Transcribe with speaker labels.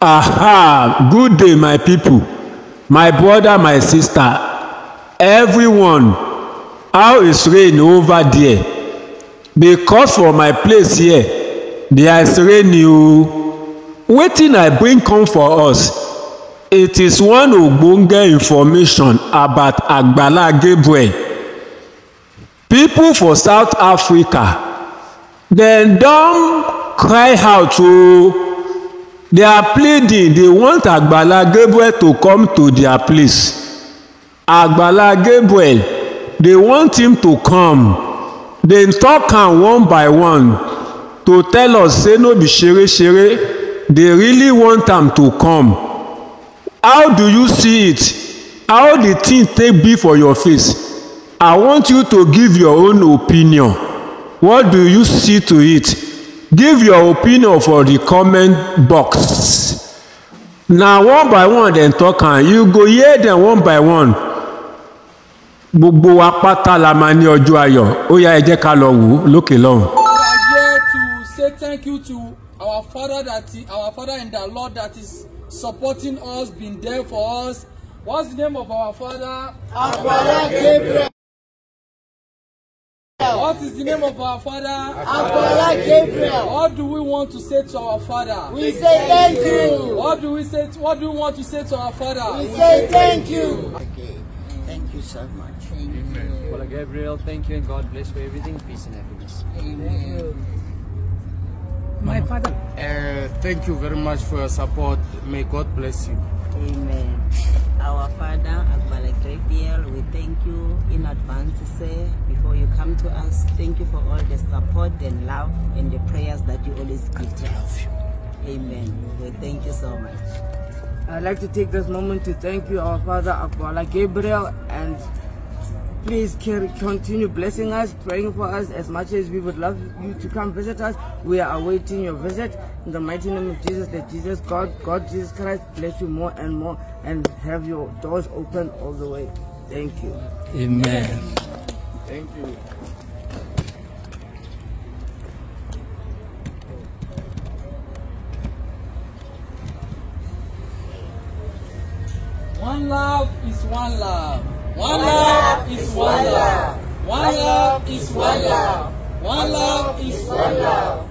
Speaker 1: Aha, good day, my people, my brother, my sister, everyone. How is rain over there? Because for my place here, there is rain You waiting? I bring come for us? It is one ogbonge information about Agbala Gabriel. People for South Africa, Then don't cry out to. Oh, They are pleading they want Agbala Gabriel to come to their place. Agbala Gabriel they want him to come. They talk am one by one to tell us say no be shere shere they really want am to come. How do you see it? How the thing take be for your face? I want you to give your own opinion. What do you see to it? give your opinion for the comment box na one by one dem talk am you go hear dem one by one gbogbo wa la máa ní ọjọ́ ayọ̀ ó yá ẹ ká lọ wò lókè lọ́hùn. we are here to say thank you to our father that he, our father in the Lord that is supporting us been there for us what's the name of our father. Agbala Gabriel. Gabriel. What is the name of our father? Apola Gabriel. What do we want to say to our father? We say thank you. What do we say? To, what do we want to say to our father? We say thank you. Okay. Thank you so much. Amen. Apola Gabriel, thank you and God bless for everything. Peace and happiness. Amen. My father. Uh, thank you very much for your support. May God bless you. Amen. Our Father, Agbala Gabriel, we thank you in advance, sir, before come to us. Thank you for all the support, and love, and the prayers that you always give to us. Amen. Well, thank you so much. I'd like to take this moment to thank you, our Father Akwala Gabriel, and please carry, continue blessing us, praying for us as much as we would love you to come visit us. We are awaiting your visit. In the mighty name of Jesus, that Jesus, God, God, Jesus Christ, bless you more and more and have your doors open all the way. Thank you. Amen. Thank you. One love is one love. One love is one love. One love is one love. One love is one love.